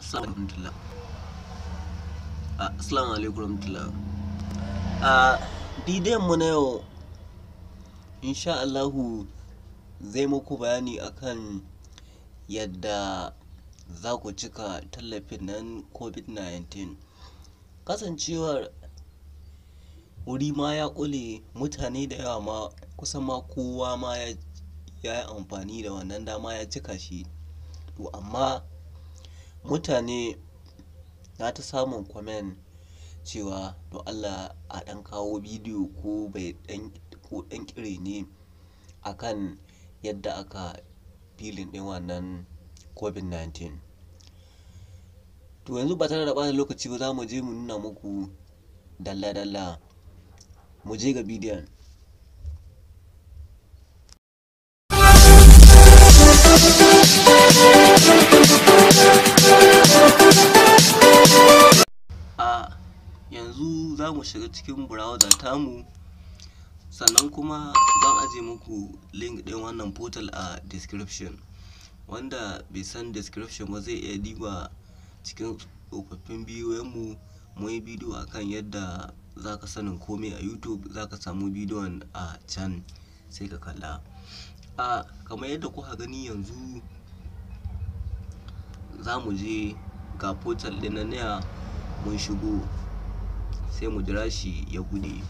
assalamu alaikum rahmatullah a ah, ah, bidiyon mu na yau insha Allahu zai muku bayani akan yadda za ku cika tallafin nan covid-19 kasancewar wuri ma ya kule mutane da yawa ma kusan ma kowa ma ya yi amfani da wannan dama ya cika shi to amma mutane na ta samun comment cewa to Allah a ɗan kawo bidiyo ko bai ɗan ko ɗan ƙire ne akan yadda aka filin ɗin wannan COVID-19. To yanzu ba tare da ɓata lokaci ba za mu je mu nuna muku dalla-dalla mu je ga bidiyon. a yanzu za mu shiga cikin browser mu sannan kuma zan aje muku link ɗin wannan portal a description wanda bai san description ba zai iya diba cikin tsofaffin bidiyoyinmu mun yi bidiyo a kan yadda za ka sanin komai a youtube za ka samu bidiyon a can sai ka kalla a kamar yadda kuka gani yanzu za mu je ga portal ɗin na mun shigo sai mu jira shi ya gude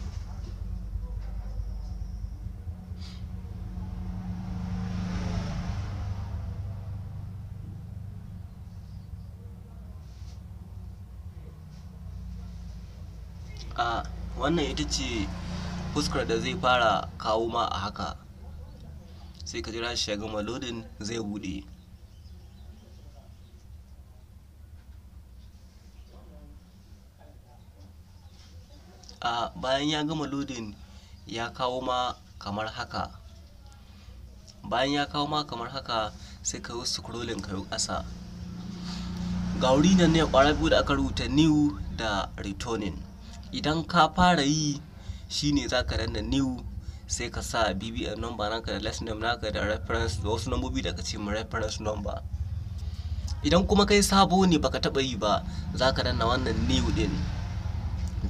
a wannan ita ce fuskar da zai fara kawo ma a haka sai ka jira shi ya gama lodin zai bude bayan ya gama lodin ya kawo ma kamar haka bayan ya kawo ma kamar haka sai ka yi scrolling ka yi ƙasa ga wuri nan ne ƙwarar biyu da aka rubuta new da returning idan ka fara yi shine za ka danna new sai ka sa bbm number naka da last name naka da reference da wasu nambobi da ka ce reference number idan kuma kai sabo ne baka taɓa yi ba za ka danna wannan new ɗin.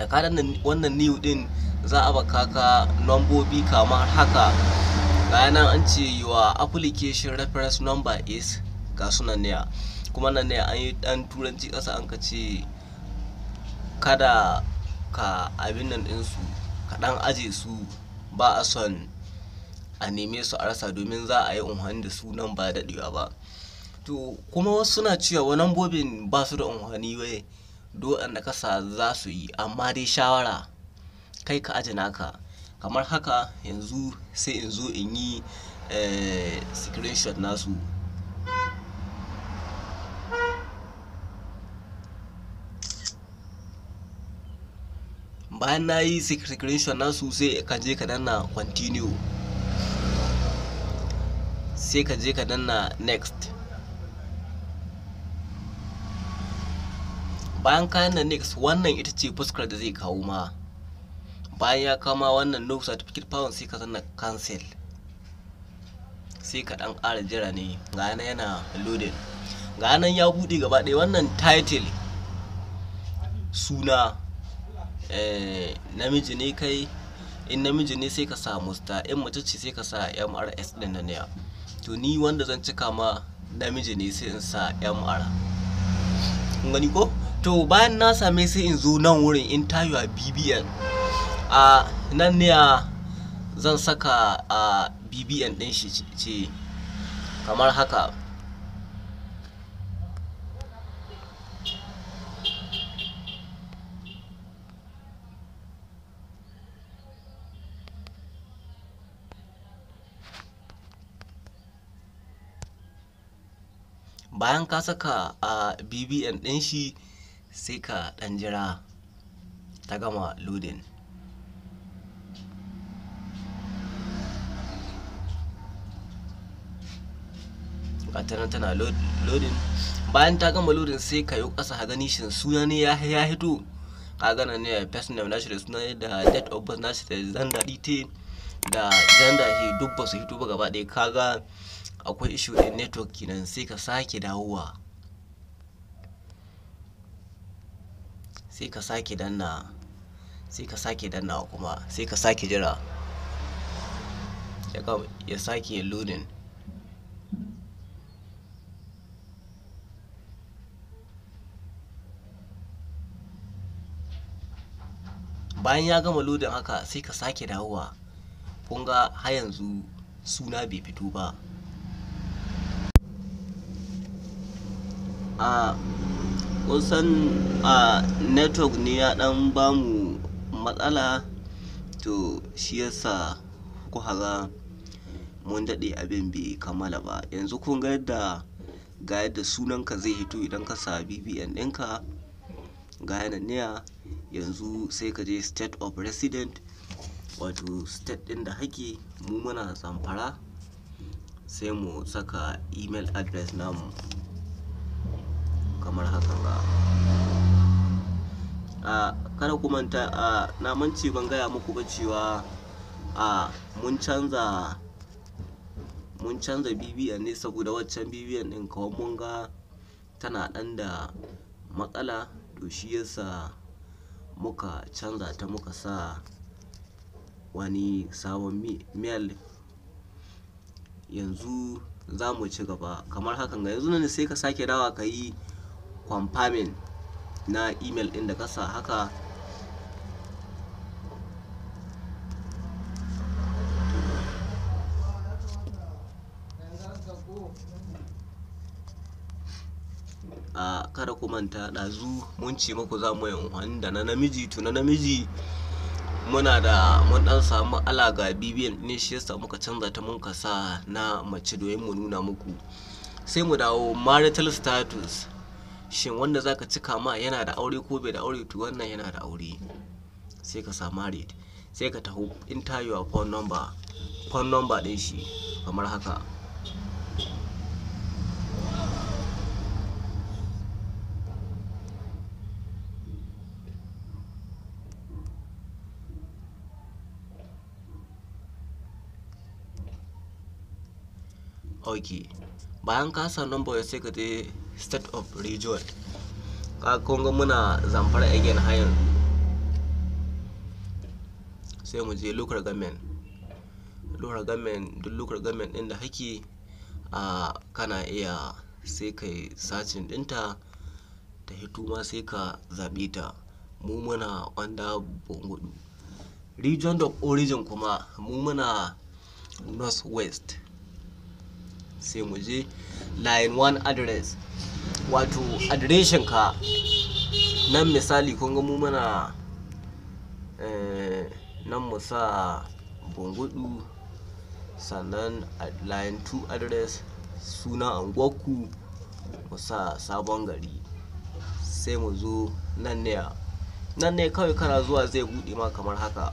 da ka danna wannan new din za a baka ka lambobi kamar haka bayan nan an ce your application reference number is ga sunan ne kuma nan ne an yi dan turanci ƙasa an ka ce kada ka abin nan ɗinsu ka dan aje su ba a son a neme su a rasa domin za a yi unhani da su nan ba daɗewa ba to kuma wasu suna cewa lambobin ba su da unhani wai duk da kasa za su yi amma dai shawara kai ka aji naka kamar haka yanzu sai in zo in yi eh, screenshot nasu bayan na yi screenshot nasu sai ka je ka danna continue sai ka je ka danna next bayan kayan na next wannan ita ce fuskar da zai kawo ma bayan ya kama wannan no certificate pound sai ka zanna cancel sai ka dan ƙara jira ne ga nan yana loaded ga nan ya buɗe gaba ɗaya wannan title suna eh, namiji ne kai in namiji ne sai ka sa musta in mace ce sai ka sa mrs din nan ya to ni wanda zan cika ma namiji ne sai in sa mr gani ko to bayan na same sai in zo nan wurin interview a bbn a nan ne zan saka a bbn din shi ce kamar haka bayan ka saka a bbn din shi sai ka ɗan jira ta gama loading gata tana loading bayan ta gama loading sai ka yi ƙasa ka gani shi suna ne ya hito ka gana ne first name nashi da suna ne da date of birth nashi da zanda dite da zanda he duk ba su hito ba gaba ɗaya kaga akwai issue din network kenan sai ka sake dawowa sai ka sake danna sai ka sake danna kuma sai ka sake jira ya sake loading bayan ya gama lodin haka sai ka sake dawowa kun ga har yanzu suna bai fito ba a ah, kusan a network ne ya dan bamu matsala to shi yasa kuhara mun daɗe abin bai kammala ba yanzu kun ga yadda ga yadda sunanka zai hito idan ka sa bbn ɗinka ga yananniya yanzu sai ka je state of resident wato state ɗin da hake mu muna zamfara sai mu saka email address namu kamar haka ba a kada ku manta a na manci ban gaya muku ba cewa a mun canza mun canza bibiyan ne saboda waccan bibiyan ɗin kawai mun ga tana ɗan da matsala to shi yasa muka canza ta muka sa wani sabon mail yanzu za mu ci gaba kamar hakan ga yanzu ne sai ka sake dawa ka yi confirming na email ɗin da kasa haka a kada ku manta ɗazu mun ci muku za mu yin da na namiji tuna na namiji muna da mun dan samu alaga bibiyan ne shi yasa muka canza ta mun kasa na mace domin mu nuna muku sai mu dawo marital status shin wanda zaka cika ma yana da aure ko bai da aure to wannan yana da aure sai ka samu married sai ka taho in tayo phone number phone number din shi kamar haka ok bayan ka sa number sai ka je state of region kunga muna zamfara again hayan sai mu je local government local government duk local government din da haki a kana iya sai kai sacin dinta ta hito ma sai ka zaɓe ta mu muna wanda region of origin kuma mu muna north west sai mu je line one address wato adireshin ka nan misali kun ga mu mana eh, nan mu sa bungudu sannan line 2 address suna angwaku mu sa sabon gari sai mu zo nan ne nan ne kawai kana zuwa zai bude ma kamar haka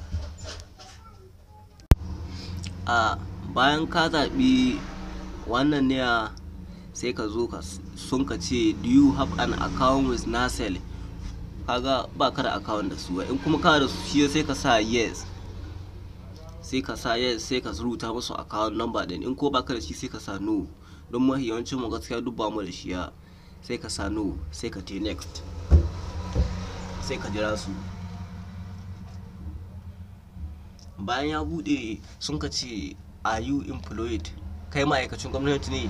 a bayan ka zaɓi wannan ne sai ka zo ka sun ka ce do you have an account with nasel kaga ba ka da account da su ba in kuma ka da su shi sai ka sa yes sai ka sa yes sai ka rubuta musu account number din in ko ba ka da shi sai ka sa no don mafi yawancin mu gaskiya duk ba mu da shi ya sai ka sa no sai ka te next sai ka jira su bayan ya bude sun ka ce are you employed kai ma'aikacin gwamnati ne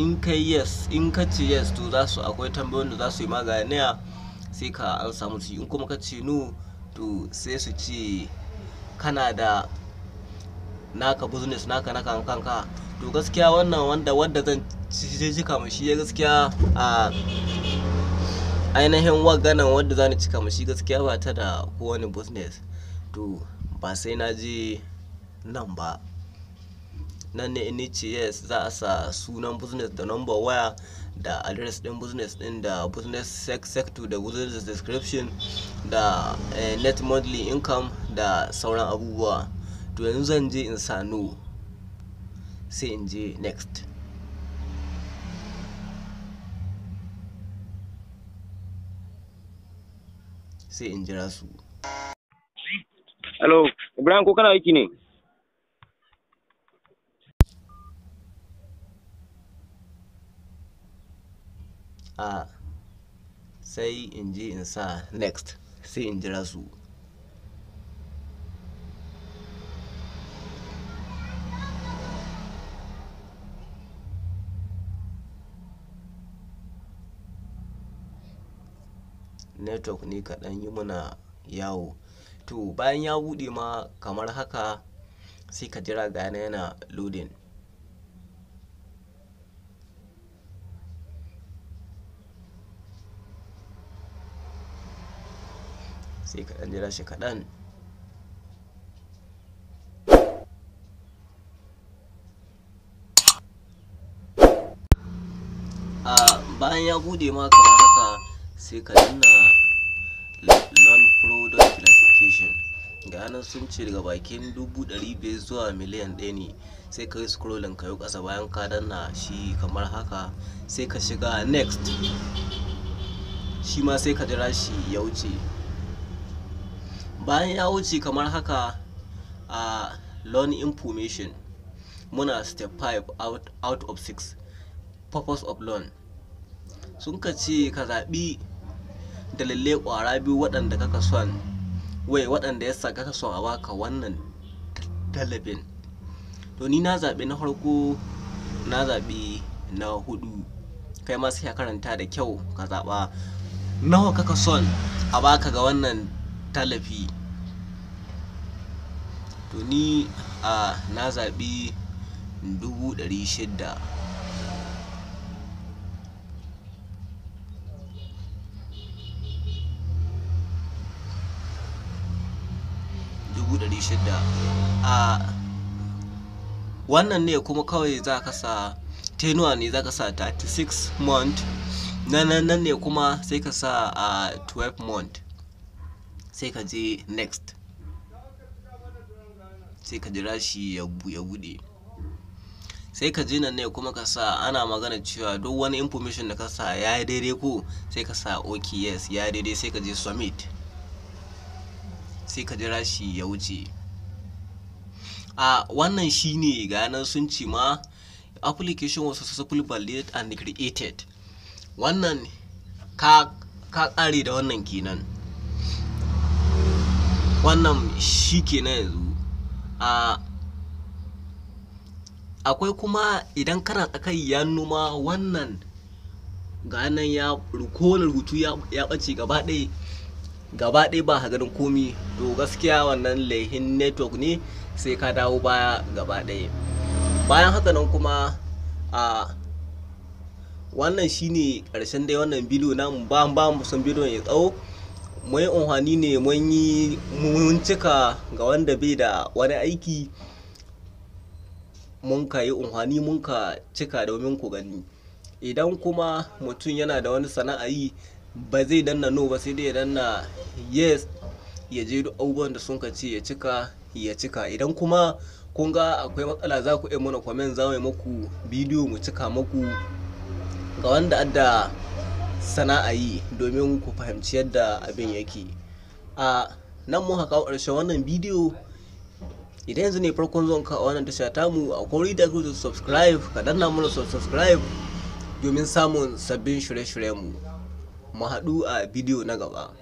in kai yes in ka ce yes to za su akwai tambayoyin da za su yi maganiya sai ka an samu su in kuma ka ce no to sai su ce kana da naka business naka naka kanka to gaskiya wannan wanda wadda zan cika mu ya gaskiya a ainihin waganan wadda zan cika mu shi gaskiya ba ta da kowane business to ba sai na je nan ba nan ne nhs za a sa sunan business da number waya da address din business din da business sector da business description da eh, net monthly income da sauran abubuwa to yanzu zan je in sa no sai in je next sai in jira su hello ibrahim ko kana aiki ne a sai in je in sa next sai in jira su network ne kaɗan yi muna yawo to bayan ya buɗe ma kamar haka sai ka jira gane yana loading sai ka jira shi kaɗan bayan ya bude ma kamar haka sai ka nuna pro product classification ga nan sun ce daga bakin biyu zuwa miliyan ɗaya ne sai ka yi scrolling ka yi ƙasa bayan ka danna shi kamar haka sai ka shiga next shi ma sai ka jira shi ya wuce bayan ya wuce kamar haka a loan information muna step 5 out, out of 6 purpose of loan sun ka ce ka zaɓi dalilai ƙwara biyu waɗanda kaka son wai waɗanda ya saka ka son a baka wannan dalibin to ni na zaɓi na farko na zaɓi na hudu kai ma sai karanta da kyau ka zaɓa nawa kaka son a baka ga wannan tallafi to ni a na zaɓi dubu ɗari shidda dubu ɗari shidda a wannan ne kuma kawai za ka sa tenuwa ne za ka sa 36 month na nan ne kuma sai ka sa a 12 month sai ka je next sai ka jira shi ya bude sai ka je nan ne kuma ka sa ana magana cewa duk wani information da ka sa ya yi daidai ko sai ka sa ok yes ya yi daidai sai ka je submit sai ka jira shi ya wuce a wannan shine ga nan sun ce ma application was successfully validated and created wannan ka kare da wannan kenan wannan shi ke na yanzu akwai kuma idan kana akai ya numa wannan ga nan ya kowane rubutu ya ɓace gaba ɗaya gaba ɗaya ba ganin komi to gaskiya wannan laihin network ne sai ka dawo baya gaba ɗaya bayan haka nan kuma a wannan shine ƙarshen dai wannan bidiyo na ba ba mu son bidiyon ya tsawo mun yi ne mun yi mun cika ga wanda bai da wani aiki mun ka yi unhani mun ka cika domin ku gani idan kuma mutum yana da wani sana'a yi ba zai danna no ba sai dai ya danna yes ya je abubuwan da sun ce ya cika ya cika idan kuma kun ga akwai matsala za ku iya mana kwamen za mu muku bidiyo mu cika muku ga wanda adda sana'a yi domin ku fahimci yadda abin yake a nan mun haka ƙarshen wannan bidiyo idan yanzu ne farkon zuwan ka a wannan tasha mu a kori da ku subscribe ka danna mana subscribe domin samun sabbin shirye shiryen mu mu haɗu a bidiyo na gaba